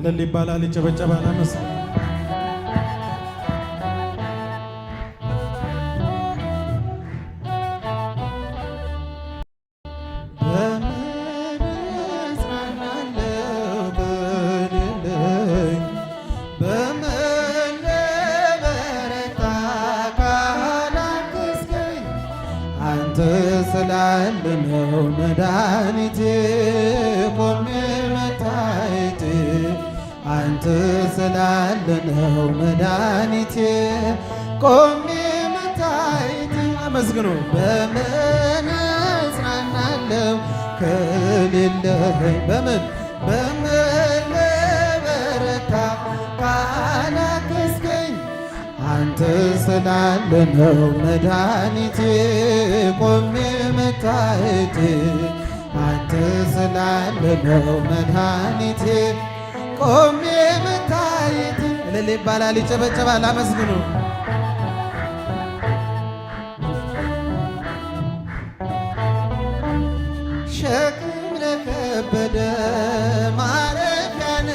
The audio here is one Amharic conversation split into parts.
እልል ይባላል፣ ይጨበጨባል። አመስ አንተ ስላለነው መድኃኒቴ ቆሜ አንተ ስላለነው መድኃኒቴ ቆሜ መታየት አመስግኖ በምን እጽናናለሁ ከሌለኸኝ በምን በምን ልበረታ ካላገዝከኝ አንተ ስላለነው መድኃኒቴ ቆሜ መታየት አንተ ስላለነው መድኃኒቴ ቆሜ መታየት እልል ይባላል፣ ይጨበጨባል። አመስግኑ ሸክም ለከበደ ማረፊያነ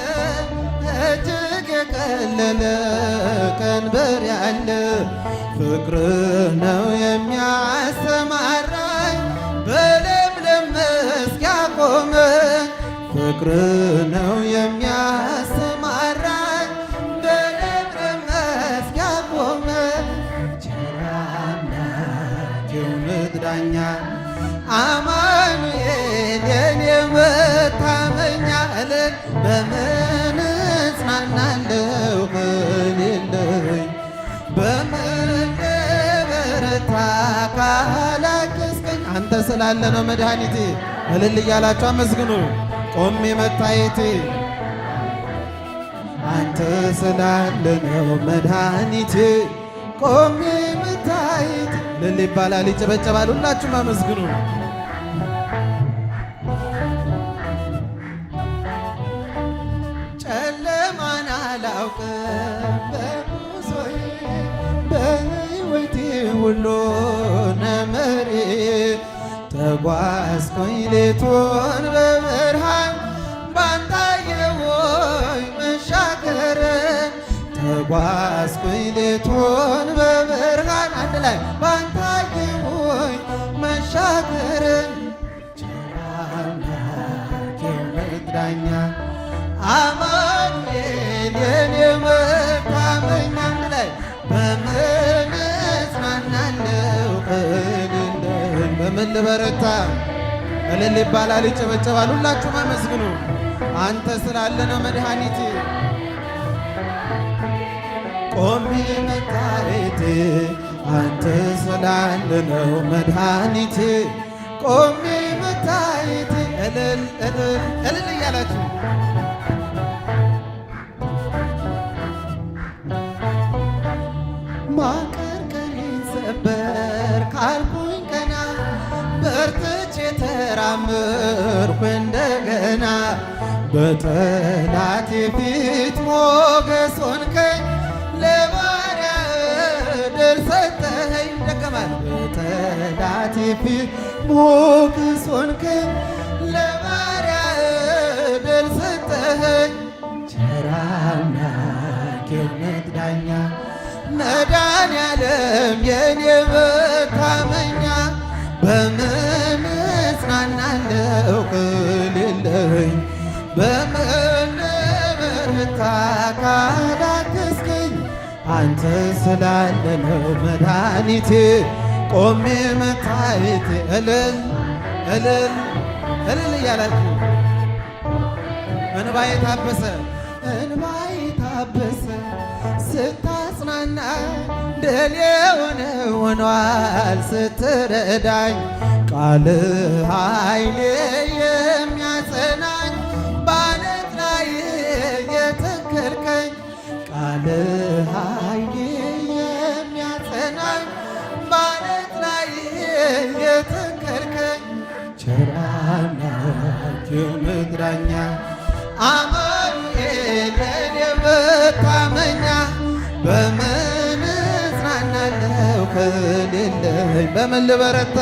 እጅግ የቀለለ ቀንበር ያለ ፍቅር ነው የሚያሰማራኝ በለምለም መስክ ያቆመ ፍቅር ነው ቸርነት ዳኛ አማኑኤል የኔ መታመኛ እለ በምን እጽናናለሁ ከሌለኝ በምን በረታ ካላገዝከኝ አንተ ስላለ ነው መድኃኒቴ። እልል እያላችሁ አመስግኑ። ቆሜ መታየቴ አንተ ስላለ ነው መድኃኒቴ ቆሜ ምታይት ልል ይባላል፣ ይጨበጨባል። ሁላችሁም አመስግኑ። ጨለማን አላውቅም በጉዞዬ በሕይወቴ ሁሉ ነመሬ ተጓዝኩኝ ሌቱን በብርሃን ተጓዝኩኝ ሌቱን በብርሃን አንድ ላይ ባንታየሁኝ መሻገርን ዳኛ አማኑኤል የኔ መታመኛ አንድ ላይ በምን እጽናናለሁ? በምን ልበረታ? እልል ይባላል፣ ይጨበጨባል። ሁላችሁም አመስግኑ። አንተ ስላለ ነው መድኃኒቴ ቆሜ መታየቴ አንተ ስላለ ነው መድኃኒቴ ቆሜ መታየቴ እልል እልል እልል እያላችሁ ማቀርቀሬን ሰበር ካልኩኝ ቀና በርትቼ ተራምርኩ እንደገና በጠላቴ ፊት ሞገሶን ፊ ሞገስ ሆንክም ለባሪያ እድል ሰጠኸኝ ቸር አምላኬ የእምነት ዳኛ መድኃኔዓለም የኔ መታመኛ በምን እጽናናለሁ ከሌለኸኝ በምን ብርታ ካላገዝከኝ አንተ ስላለ ነው መድኃኒቴ ቆሜ መታየቴ እልል እልል እልል እያላችሁ እንባዬ ታበሰ እንባ ታበሰ ስታጽናና ድል የሆነ ሆኗል ስትረዳኝ ቃል ኃይሌ የሚያጸናኝ ባለት ላይ የተከልከኝ ቃል ኃይሌ የሚያጸናኝ ባለት የተከልከኝ ቸር ምድራኛ መግራኛ አማኑኤል የኔ መታመኛ በምን እጽናናለሁ ከሌለኝ በምን ልበረታ?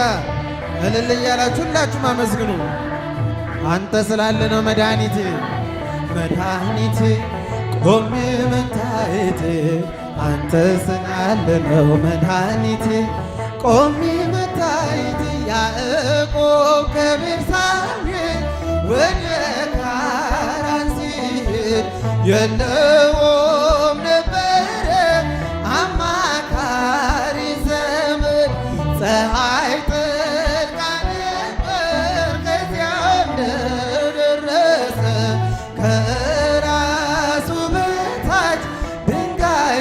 እልል እያላችሁ ሁላችሁም አመስግኑ። አንተ ስላለ ነው መድኃኒቴ መድኃኒቴ ቆሜ መታየቴ አንተ ስላለ ነው መድኃኒቴ ቆሜ ታይት ያዕቆብ ከቤርሳቤ ወደ ካራን ሲሄድ የለውም ነበረ አማካሪ ዘመድ ፀሐይ ጠልቃ ነበር ከዚያም ደረሰ ከራሱ በታች ድንጋይ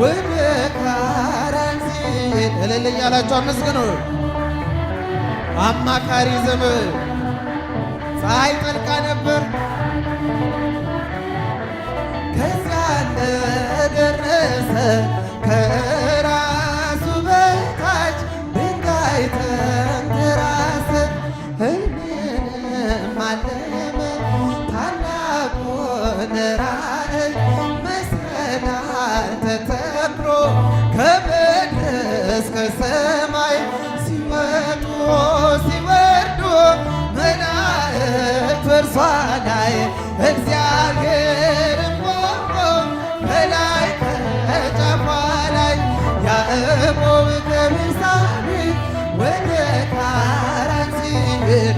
ውብካረንዚ እልል እያላችሁ አመስግኑ። አማካሪ ዘመን ፀሐይ ጠልቃ ነበር። ሰማይ ሲወጡ ሲወርዱ መላእክት በእርሷ ላይ እግዚአብሔር ከላይ ከጫፏ ላይ ያዕቆብ ከምሳሌ ወደ ካራን ሲሄድ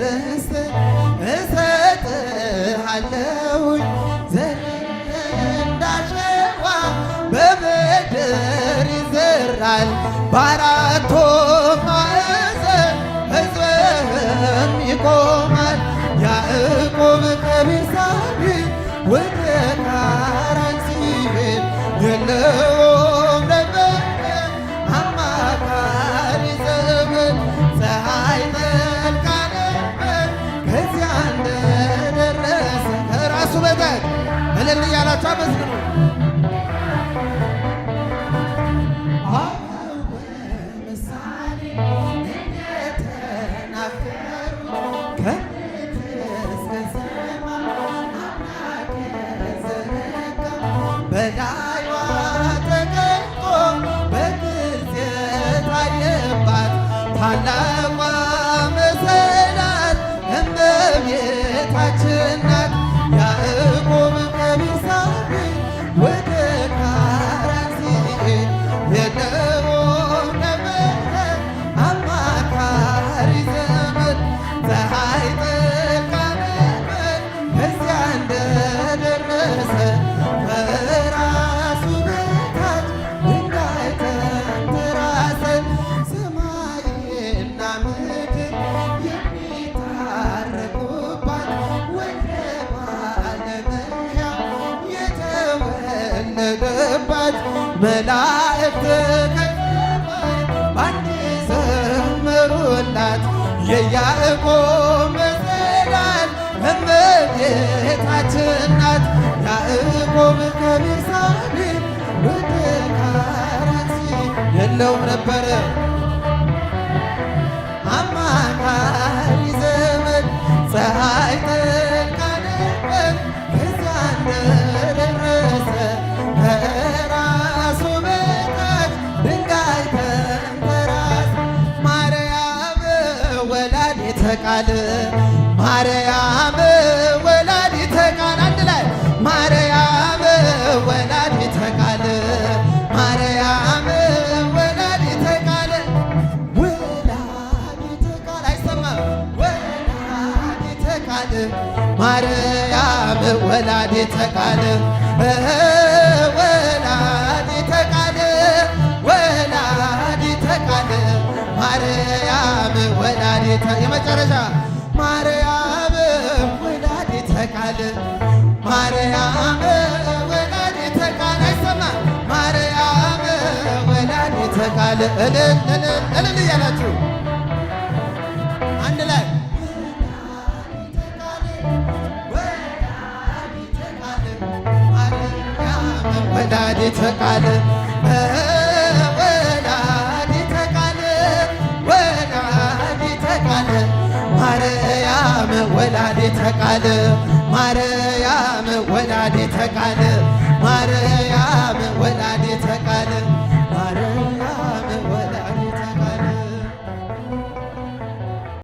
ርስ እሰጥሃለው እንዳሸዋ በምድር ይዘራል በአራቱ ማዕዘን ሕዝብህም ይቆማል ያዕቆብ ከቤርሳቤህ ወደ ካራን ሲሄድ ሃሌሉያ እያላችሁ አመስግኑ። ታላ ሰገዱባት መላእክት ከሰማይ ባንድ ዘመሩላት የያዕቆብ መሰላል እመቤታችን ናት ያዕቆብ ከሚሳሌ ወላዲተ ቃል ማርያም ወላዲተ ቃል አንድ ላይ ማርያም ወላዲተ ቃል ማርያም ወላዲተ ቃል ወላዲተ ቃል አይሰማም ወላዲተ ቃል ማርያም ወላዲተ ቃል ወላዲተ የመጨረሻ ማርያም ወላዲተ ቃል ማርያም ወላዲተ ቃል አይሰማ ማርያም ወላዲተ ቃል እልል እያላችሁ አንድ ላይ ወላዲተ ቃል ቃል ማርያም ወላዲተ ቃል